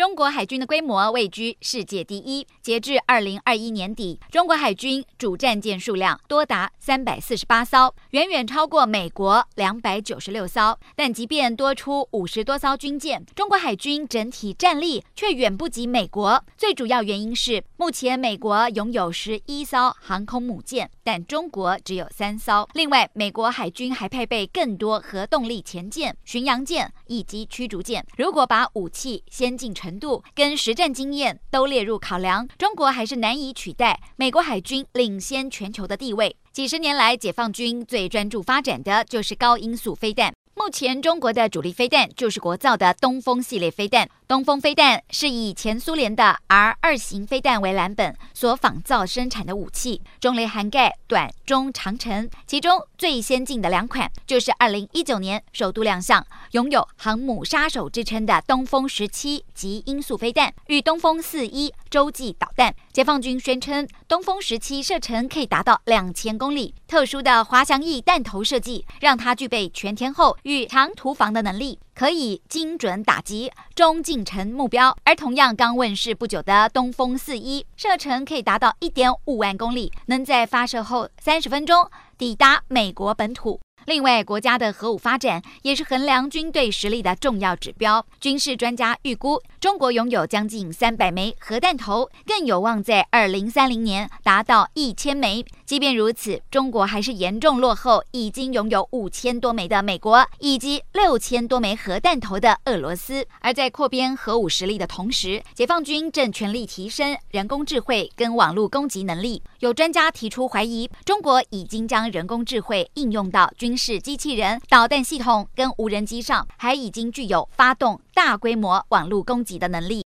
中國海軍的規模位居世界第一。截至二零二一年底，中國海軍主戰艦數量多達三百四十八艘，遠遠超過美國兩百九十六艘。但即便多出五十多艘軍艦，中國海軍整體戰力卻遠不及美國。最主要原因是，目前美國擁有十一艘航空母艦，但中國只有三艘。另外，美國海軍還配備更多核動力潛艦、巡洋艦以及驅逐艦。如果把武器先進成度跟實戰經驗都列入考量，中國還是難以取代美國海軍領先全球的地位。幾十年來，解放軍最專注發展的就是高音速飛彈。目前中國的主力飛彈就是國造的東風系列飛彈。東風飛彈是以前蘇聯的 R 二型飛彈為藍本所仿造生產的武器，種類涵蓋短、中、長程，其中最先進的兩款就是二零一九年首度亮相、擁有“航母殺手”之稱的東風十七極音速飛彈與東風四一洲際導彈。解放軍宣稱，東風十七射程可以達到兩千公里，特殊的滑翔翼彈頭設計，讓它具備全天候與長途防的能力，可以精準打擊中近程目標，而同樣剛問世不久的東風四一，射程可以達到一點五萬公里，能在發射後三十分鐘抵達美國本土。另外，國家的核武發展也是衡量軍隊實力的重要指標。軍事專家預估，中國擁有將近三百枚核彈頭，更有望在二零三零年達到一千枚。即便如此，中國還是嚴重落後，已經擁有五千多枚的美國，以及六千多枚核彈頭的俄羅斯。而在擴編核武實力的同時，解放軍正全力提升人工智慧跟網絡攻擊能力。有專家提出懷疑，中國已經將人工智慧應用到軍事機器人、導彈系統跟無人機上，還已經具有發動大規模網絡攻擊的能力。